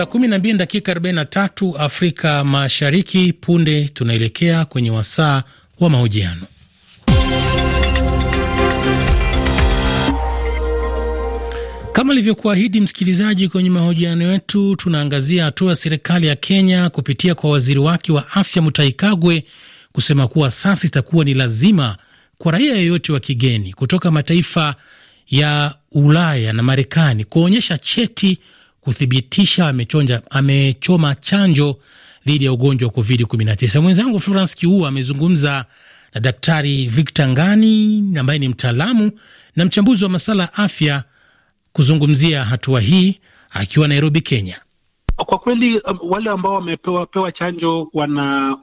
Saa 12 dakika 43 Afrika Mashariki. Punde tunaelekea kwenye wasaa wa mahojiano. Kama ilivyokuahidi msikilizaji, kwenye mahojiano yetu tunaangazia hatua ya serikali ya Kenya kupitia kwa waziri wake wa afya Mutahi Kagwe kusema kuwa sasa itakuwa ni lazima kwa raia yeyote wa kigeni kutoka mataifa ya Ulaya na Marekani kuonyesha cheti kuthibitisha amechonja, amechoma chanjo dhidi ya ugonjwa wa COVID-19. Mwenzangu Florence Kiua amezungumza na Daktari Victor Ngani ambaye ni mtaalamu na mchambuzi wa masala ya afya kuzungumzia hatua hii akiwa Nairobi, Kenya. Kwa kweli um, wale ambao wamepewa pewa chanjo ugonjwa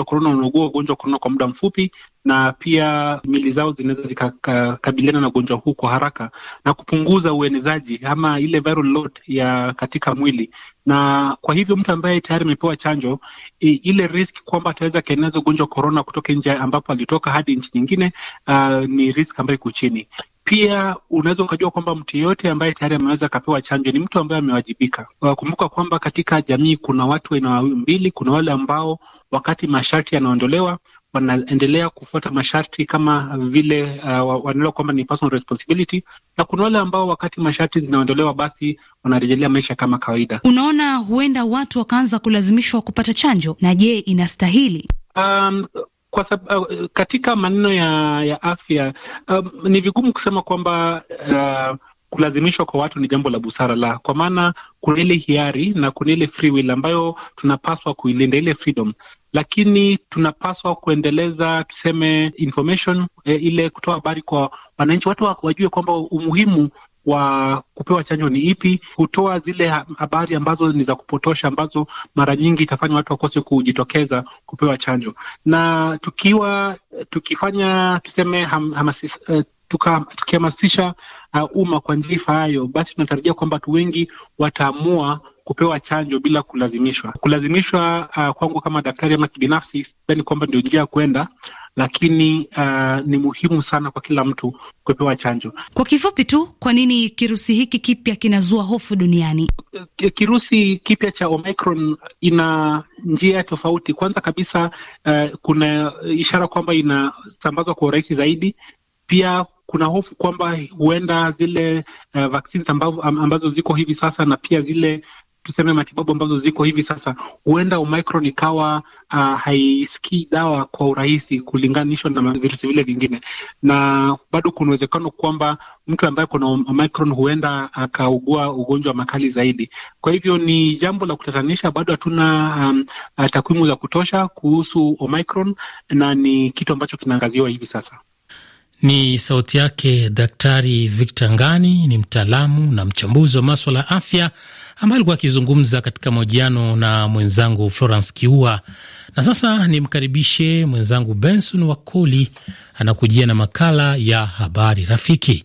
wa, korona wanaugua ugonjwa wa korona kwa muda mfupi, na pia mili zao zinaweza zikakabiliana na ugonjwa huu kwa haraka na kupunguza uenezaji ama ile viral load ya katika mwili, na kwa hivyo mtu ambaye tayari amepewa chanjo i, ile risk kwamba ataweza akaeneza ugonjwa wa korona kutoka nje ambapo alitoka hadi nchi nyingine, uh, ni risk ambayo iko chini. Pia unaweza ukajua kwamba mtu yeyote ambaye tayari ameweza akapewa chanjo ni mtu ambaye amewajibika. Wakumbuka kwamba katika jamii kuna watu aina mbili, kuna wale ambao wakati masharti yanaondolewa wanaendelea kufuata masharti kama vile uh, wanaelewa kwamba ni personal responsibility, na kuna wale ambao wakati masharti zinaondolewa basi wanarejelea maisha kama kawaida. Unaona, huenda watu wakaanza kulazimishwa kupata chanjo, na je, inastahili? Um, kwa sab, uh, katika maneno ya, ya afya um, ni vigumu kusema kwamba uh, kulazimishwa kwa watu ni jambo la busara la, kwa maana kuna ile hiari na kuna ile free will ambayo tunapaswa kuilinda ile freedom, lakini tunapaswa kuendeleza tuseme information eh, ile kutoa habari kwa wananchi, watu wajue kwamba umuhimu wa kupewa chanjo ni ipi, hutoa zile habari ambazo ni za kupotosha, ambazo mara nyingi itafanya watu wakose kujitokeza kupewa chanjo. Na tukiwa tukifanya tuseme ham, hamasis, uh, eh, tukihamasisha uh, umma kwa njia ifaayo, basi tunatarajia kwamba watu wengi wataamua kupewa chanjo bila kulazimishwa. Kulazimishwa uh, kwangu kama daktari ama kibinafsi, ani kwamba ndio njia ya kwenda lakini uh, ni muhimu sana kwa kila mtu kupewa chanjo. Kwa kifupi tu, kwa nini kirusi hiki kipya kinazua hofu duniani? Kirusi kipya cha Omicron ina njia tofauti. Kwanza kabisa, uh, kuna ishara kwamba inasambazwa kwa urahisi zaidi. Pia kuna hofu kwamba huenda zile uh, vaksini ambazo ziko hivi sasa na pia zile tuseme matibabu ambazo ziko hivi sasa, huenda Omicron ikawa uh, haisikii dawa kwa urahisi kulinganishwa na virusi vile vingine, na bado kuna uwezekano kwamba mtu ambaye kuna Omicron huenda akaugua ugonjwa makali zaidi. Kwa hivyo ni jambo la kutatanisha, bado hatuna um, takwimu za kutosha kuhusu Omicron na ni kitu ambacho kinaangaziwa hivi sasa. Ni sauti yake Daktari Victor Ngani, ni mtaalamu na mchambuzi wa maswala ya afya ambaye alikuwa akizungumza katika mahojiano na mwenzangu Florence Kiua. Na sasa nimkaribishe mwenzangu Benson Wakoli anakujia na makala ya habari rafiki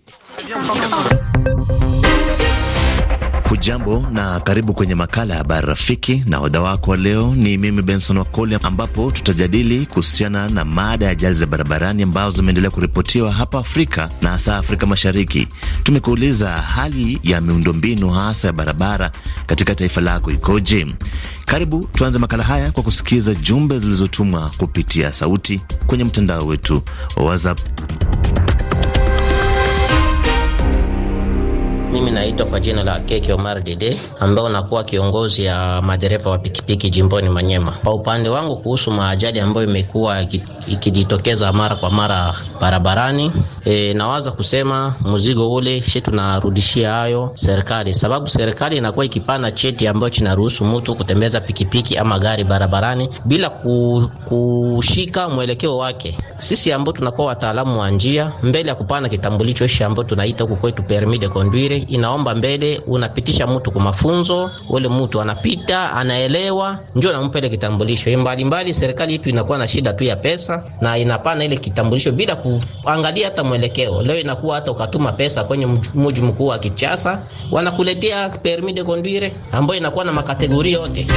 Hujambo na karibu kwenye makala ya habari rafiki, na hoda wako leo ni mimi Benson Wakoli, ambapo tutajadili kuhusiana na mada ya ajali za barabarani ambazo zimeendelea kuripotiwa hapa Afrika na hasa Afrika Mashariki. Tumekuuliza hali ya miundombinu hasa ya barabara katika taifa lako ikoje? Karibu tuanze makala haya kwa kusikiza jumbe zilizotumwa kupitia sauti kwenye mtandao wetu wa WhatsApp. Mimi naitwa kwa jina la Keke Omar Dede, ambao nakuwa kiongozi ya madereva wa pikipiki jimboni Manyema. Kwa upande wangu, kuhusu maajali ambayo imekuwa ikijitokeza mara kwa mara barabarani, e, nawaza kusema mzigo ule shi tunarudishia hayo serikali, sababu serikali inakuwa ikipana cheti ambayo chinaruhusu mtu kutembeza pikipiki ama gari barabarani bila ku, kushika mwelekeo wake. Sisi ambao tunakuwa wataalamu wa njia, mbele ya kupana kitambulisho hishi ambao tunaita huku kwetu permis de conduire inaomba mbele, unapitisha mtu kwa mafunzo, ule mtu anapita anaelewa, njoo nampele kitambulisho mbalimbali. Serikali yetu inakuwa na shida tu ya pesa na inapana ile kitambulisho bila kuangalia hata mwelekeo. Leo inakuwa hata ukatuma pesa kwenye mji mkuu wa Kinshasa wanakuletea permis de conduire ambayo inakuwa na makategoria yote.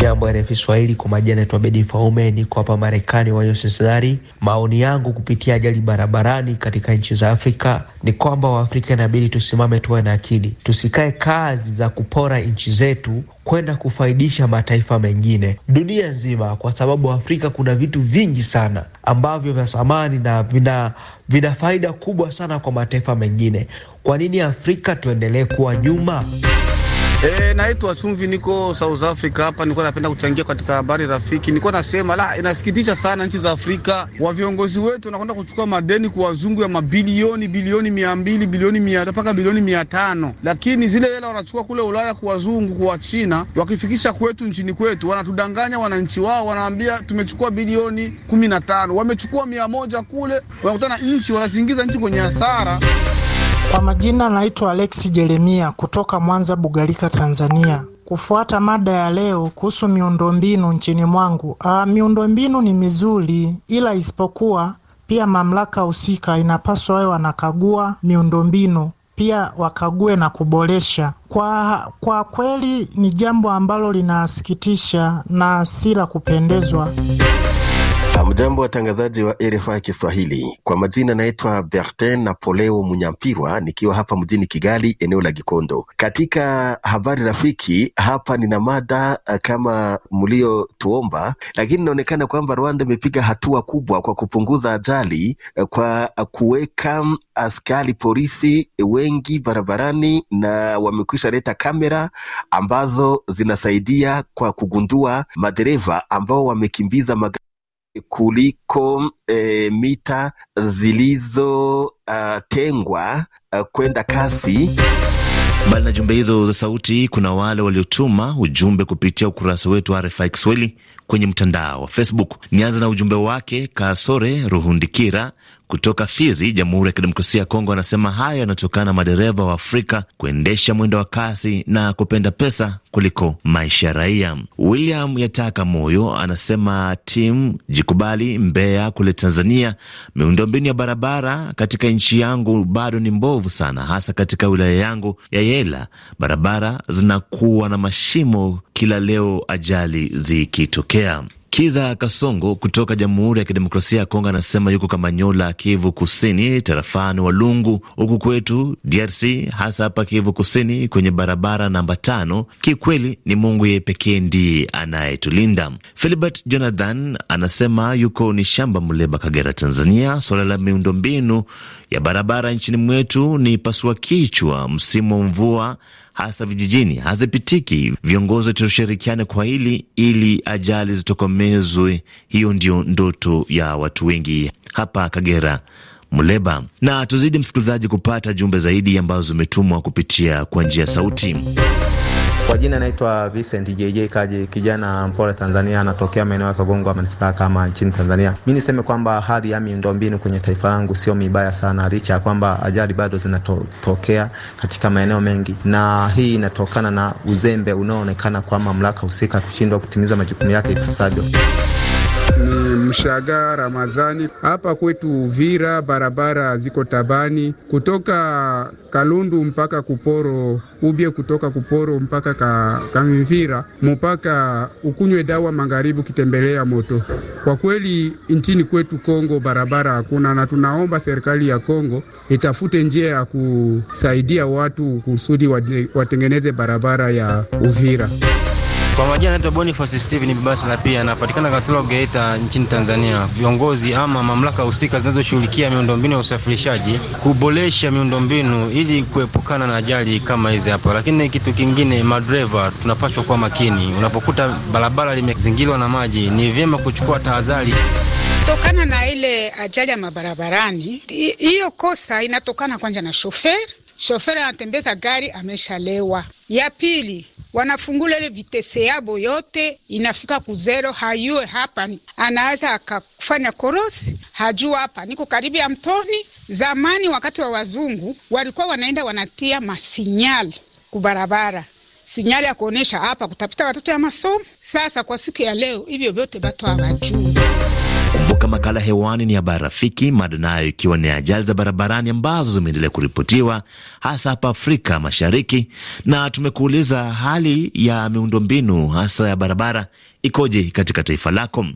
Jambo refu Swahili, kwa majina naitwa Bedi Faume, niko hapa Marekani Yosesari. Maoni yangu kupitia ajali barabarani katika nchi za Afrika ni kwamba Waafrika inabidi tusimame, tuwe na akili, tusikae kazi za kupora nchi zetu kwenda kufaidisha mataifa mengine dunia nzima, kwa sababu Afrika kuna vitu vingi sana ambavyo vya thamani na vina, vina faida kubwa sana kwa mataifa mengine. Kwa nini Afrika tuendelee kuwa nyuma? E, naitwa Chumvi, niko South Africa hapa. Nilikuwa napenda kuchangia katika habari rafiki. Nilikuwa nasema la, inasikitisha sana nchi za Afrika, wa viongozi wetu wanakwenda kuchukua madeni kwa wazungu ya mabilioni bilioni mia mbili bilioni mia mpaka bilioni mia tano lakini zile hela wanachukua kule Ulaya kwa wazungu, kwa China, wakifikisha kwetu nchini kwetu wanatudanganya wananchi wao, wanaambia tumechukua bilioni kumi na tano wamechukua mia moja kule, wanakutana nchi wanazingiza nchi kwenye hasara. Kwa majina naitwa Alexi Jeremia kutoka Mwanza Bugalika, Tanzania. Kufuata mada ya leo kuhusu miundombinu nchini mwangu. Ah, miundombinu ni mizuri ila isipokuwa pia mamlaka husika inapaswa wawe wanakagua miundombinu pia wakague na kuboresha. Kwa, kwa kweli ni jambo ambalo linasikitisha na si la kupendezwa. Hamjambo, watangazaji wa RFI Kiswahili. Kwa majina naitwa Bertin Napoleo Munyampirwa, nikiwa hapa mjini Kigali, eneo la Gikondo. Katika habari rafiki, hapa nina mada eh, kama mliotuomba, lakini inaonekana kwamba Rwanda imepiga hatua kubwa kwa kupunguza ajali eh, kwa kuweka eh, askari polisi wengi barabarani, na wamekwisha leta kamera ambazo zinasaidia kwa kugundua madereva ambao wamekimbiza magari kuliko e, mita zilizotengwa ah, uh, ah, uh, kwenda kasi. Mbali na jumbe hizo za sauti, kuna wale waliotuma ujumbe kupitia ukurasa wetu wa RFI Kiswahili kwenye mtandao wa Facebook. Nianza na ujumbe wake Kasore Ruhundikira kutoka Fizi, Jamhuri ya Kidemokrasia ya Kongo, anasema hayo yanatokana na madereva wa Afrika kuendesha mwendo wa kasi na kupenda pesa kuliko maisha ya raia. William Yataka Moyo anasema timu jikubali Mbeya kule Tanzania, miundombinu ya barabara katika nchi yangu bado ni mbovu sana, hasa katika wilaya yangu ya Yela. Barabara zinakuwa na mashimo kila leo, ajali zikitokea. Kiza Kasongo kutoka Jamhuri ya Kidemokrasia ya Kongo anasema yuko Kamanyola, Kivu Kusini, tarafani Walungu. Huku kwetu DRC, hasa hapa Kivu Kusini, kwenye barabara namba tano, kikweli ni Mungu yeye pekee ndiye anayetulinda. Filibert Jonathan anasema yuko ni shamba Muleba, Kagera, Tanzania. Suala la miundombinu ya barabara nchini mwetu ni pasua kichwa msimu wa mvua hasa vijijini hazipitiki. Viongozi tushirikiane kwa hili ili ajali zitokomezwe. Hiyo ndio ndoto ya watu wengi hapa Kagera Muleba. Na tuzidi msikilizaji kupata jumbe zaidi ambazo zimetumwa kupitia kwa njia sauti. Kwa jina naitwa Vincent JJ Kaji, kijana mpole Tanzania, anatokea maeneo ya Kagongo manispaa kama nchini Tanzania. Mi niseme kwamba hali ya miundombinu kwenye taifa langu sio mibaya sana, licha ya kwamba ajali bado zinatokea katika maeneo mengi, na hii inatokana na uzembe unaoonekana kwa mamlaka husika kushindwa kutimiza majukumu yake ipasavyo ni Mshaga Ramadhani. Hapa kwetu Uvira barabara ziko tabani, kutoka Kalundu mpaka Kuporo ubye, kutoka Kuporo mpaka ka, Kamvira mpaka ukunywe dawa magharibi, ukitembelea moto. Kwa kweli nchini kwetu Kongo barabara hakuna, na tunaomba serikali ya Kongo itafute njia ya kusaidia watu kusudi watengeneze barabara ya Uvira. Kwa majina naitwa Boniface Steven Bibasa na pia anapatikana Katoro Geita nchini Tanzania. Viongozi ama mamlaka husika zinazoshughulikia miundombinu ya usafirishaji kuboresha miundombinu ili kuepukana na ajali kama hizi hapa. Lakini kitu kingine, madreva tunapaswa kuwa makini. Unapokuta barabara limezingirwa na maji, ni vyema kuchukua tahadhari kutokana na ile ajali ya mabarabarani. Hiyo kosa inatokana kwanza na shofer Shoferi anatembeza gari ameshalewa. Ya pili wanafungula ile vitese yabo yote inafika kuzero, hayue hapa, anaweza akafanya korosi, hajua hapa niko karibu ya mtoni. Zamani wakati wa wazungu walikuwa wanaenda wanatia masinyali kubarabara sinyali ya kuonesha hapa kutapita watoto ya masomo. Sasa kwa siku ya leo hivyo vyote batu hawajui. Kumbuka makala hewani ni habari rafiki, mada nayo ikiwa ni ajali za barabarani ambazo zimeendelea kuripotiwa hasa hapa Afrika Mashariki, na tumekuuliza hali ya miundombinu hasa ya barabara ikoje katika taifa lako,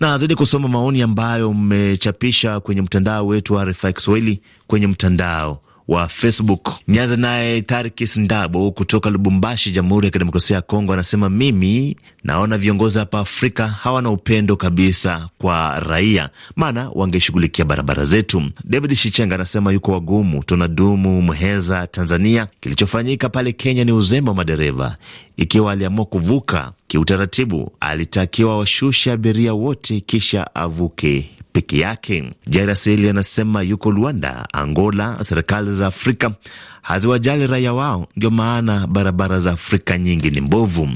na zaidi kusoma maoni ambayo mmechapisha kwenye mtandao wetu wa RFI Kiswahili kwenye mtandao wa Facebook. Nianze naye Tarikis Ndabo kutoka Lubumbashi, Jamhuri ya Kidemokrasia ya Kongo, anasema mimi naona viongozi hapa Afrika hawana upendo kabisa kwa raia, maana wangeshughulikia barabara zetu. David Shichenga anasema yuko wagumu, tunadumu Mheza, Tanzania. Kilichofanyika pale Kenya ni uzembe wa madereva. Ikiwa aliamua kuvuka kiutaratibu, alitakiwa washushe abiria wote, kisha avuke peke yake. Jairaseli anasema yuko Luanda, Angola, serikali za Afrika haziwajali raia wao, ndio maana barabara za Afrika nyingi ni mbovu.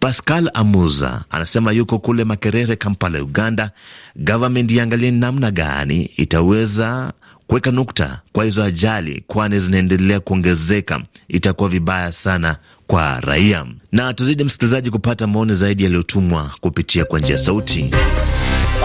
Pascal Amuza anasema yuko kule Makerere, Kampala, Uganda. Gavamenti iangalie namna gani itaweza kuweka nukta kwa hizo ajali, kwani zinaendelea kuongezeka. Itakuwa vibaya sana kwa raia. Na tuzidi msikilizaji kupata maoni zaidi yaliyotumwa kupitia kwa njia sauti.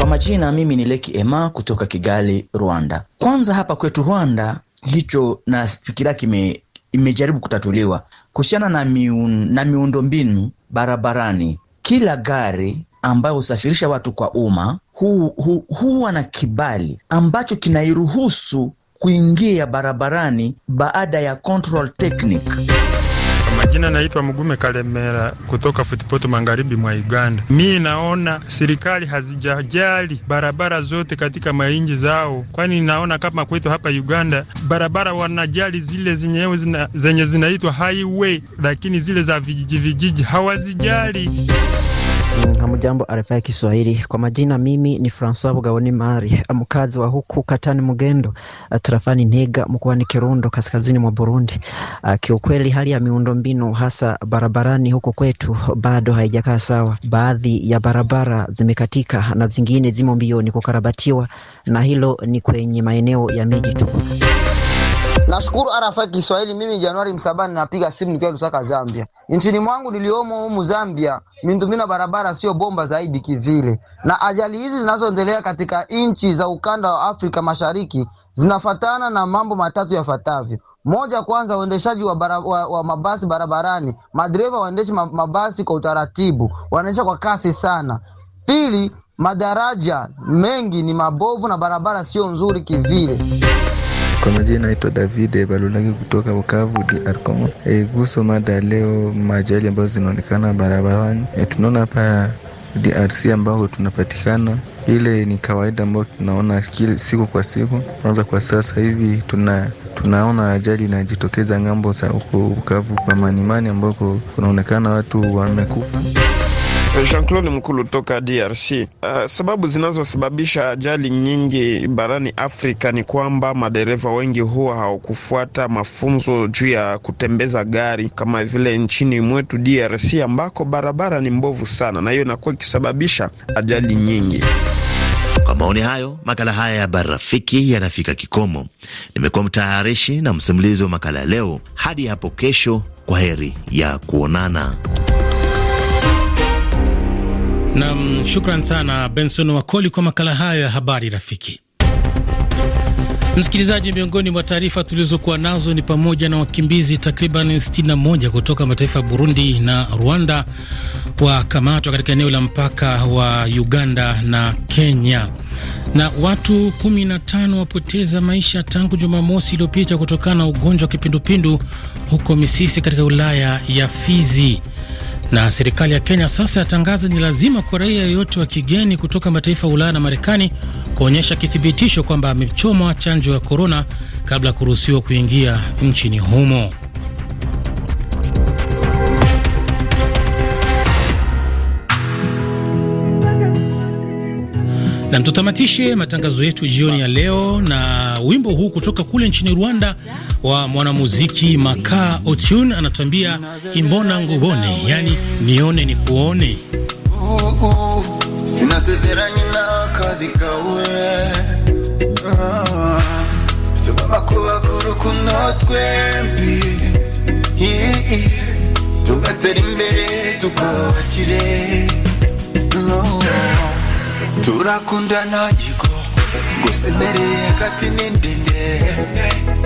Kwa majina mimi ni Leki Ema kutoka Kigali, Rwanda. Kwanza hapa kwetu Rwanda hicho nafikiria kime imejaribu kutatuliwa kuhusiana na, miun, na miundombinu barabarani. Kila gari ambayo husafirisha watu kwa umma huwa hu, hu na kibali ambacho kinairuhusu kuingia barabarani baada ya control technique. Majina naitwa Mugume Kalemera kutoka Futipoto, magharibi mwa Uganda. Mi naona serikali hazijajali barabara zote katika mainji zao, kwani naona kama kwetu hapa Uganda barabara wanajali zile zenyewe zina, zenye zinaitwa highway, lakini zile za vijiji vijiji hawazijali. Mm, hamujambo, arifa ya Kiswahili. Kwa majina mimi ni Francois Bugaboni Mari, mkazi wa huku Katani Mugendo, uh, tarafani Ntega, mkoani Kirundo, kaskazini mwa Burundi. Uh, kiukweli hali ya miundombinu hasa barabarani huko kwetu bado haijakaa sawa. Baadhi ya barabara zimekatika na zingine zimo mbioni kukarabatiwa, na hilo ni kwenye maeneo ya miji tu. Nashukuru RFI Kiswahili. Mimi Januari Msabani napiga simu nikiwa Lusaka, Zambia. Nchini mwangu niliomo humu Zambia, miundombinu barabara sio bomba zaidi kivile, na ajali hizi zinazoendelea katika nchi za ukanda wa Afrika Mashariki zinafatana na mambo matatu yafuatavyo: moja, kwanza uendeshaji wa, bara, wa, wa mabasi barabarani. Madereva waendeshe mabasi kwa utaratibu, wanaendesha kwa kasi sana. Pili, madaraja mengi ni mabovu na barabara sio nzuri kivile. Kwa majina naitwa David Balulagi kutoka Bukavu DR Congo. E, kuhusu mada leo, majali ambazo zinaonekana barabarani e, tunaona hapa DRC ambao tunapatikana, ile ni kawaida ambayo tunaona siku kwa siku. Kwanza kwa sasa hivi tuna tunaona ajali inajitokeza ng'ambo za huko Bukavu kwa Manimani, ambako kunaonekana watu wamekufa. Eh, Jean-Claude Mkulu toka DRC. Uh, eh, sababu zinazosababisha ajali nyingi barani Afrika ni kwamba madereva wengi huwa hawakufuata mafunzo juu ya kutembeza gari, kama vile nchini mwetu DRC ambako barabara ni mbovu sana, na hiyo inakuwa ikisababisha ajali nyingi. Kwa maoni hayo, makala haya ya Habari Rafiki yanafika kikomo. Nimekuwa mtayarishi na msimulizi wa makala ya leo. Hadi hapo kesho, kwa heri ya kuonana. Nam, shukran sana Benson Wakoli kwa makala hayo ya habari rafiki. Msikilizaji, miongoni mwa taarifa tulizokuwa nazo ni pamoja na wakimbizi takriban 61 kutoka mataifa ya Burundi na Rwanda wakamatwa katika eneo la mpaka wa Uganda na Kenya, na watu 15 wapoteza maisha tangu Jumamosi iliyopita kutokana na ugonjwa wa kipindupindu huko Misisi katika wilaya ya Fizi. Na serikali ya Kenya sasa yatangaza ni lazima kwa raia yeyote wa kigeni kutoka mataifa ya Ulaya na Marekani kuonyesha kithibitisho kwamba amechomwa chanjo ya korona kabla ya kuruhusiwa kuingia nchini humo. Tutamatishe matangazo yetu jioni ya leo na wimbo huu kutoka kule nchini Rwanda wa mwanamuziki maka otun anatuambia imbona ngubone, yani nione ni kuone. Oh, turakunda ntagiko gusa imbere hagati ni ndende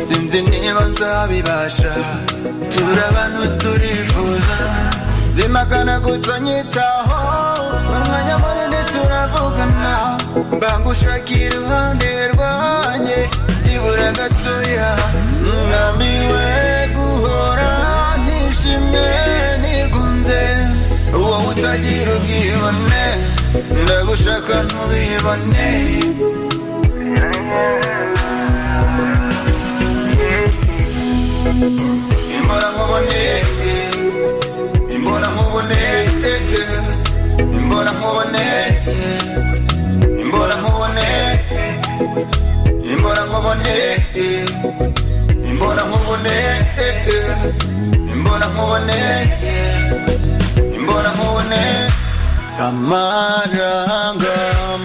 sinzi niba nzabibasha turabana turifuza zimagana gusa nyitaho umwanya munini turavugana mbanga iruhande rwanjye byibura gatoya ndagushaka ntubiboneye imbora nkuboneye imbora nkuboneye imbora nkuboneye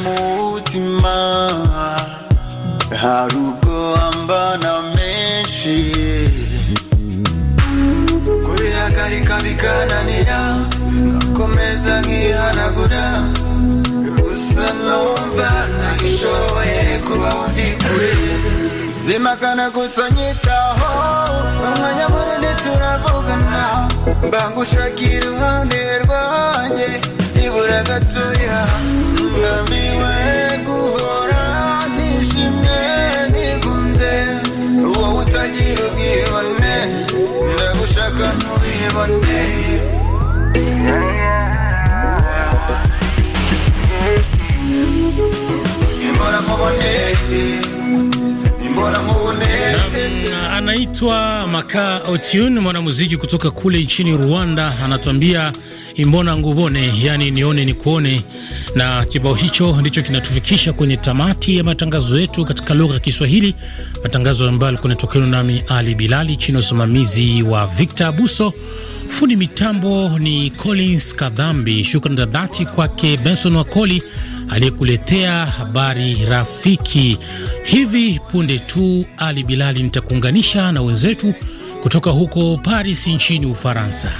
mutima hari ubwo ambana menshi kurihagarika bikananira ngakomeza nkihanagura gusa numva ntagishoboye kuba ndi kure zimagana kutsanyitaho umwanya munini turavugana mbangushakira iruhande rwanjye nibura gatoya guhora nishimye nigunze utagira ubwibone ndagushaka ntubibone Anaitwa Maka Otune, mwanamuziki kutoka kule nchini Rwanda, anatuambia Imbona nguvone, yani nione ni kuone. Na kibao hicho ndicho kinatufikisha kwenye tamati ya matangazo yetu katika lugha ya Kiswahili, matangazo ambayo alikuwa anatokewa nami Ali Bilali chini ya usimamizi wa Victor Abuso. Fundi mitambo ni Collins Kadhambi. Shukrani za dhati kwake Benson Wakoli aliyekuletea habari rafiki. Hivi punde tu, Ali Bilali, nitakuunganisha na wenzetu kutoka huko Paris nchini Ufaransa.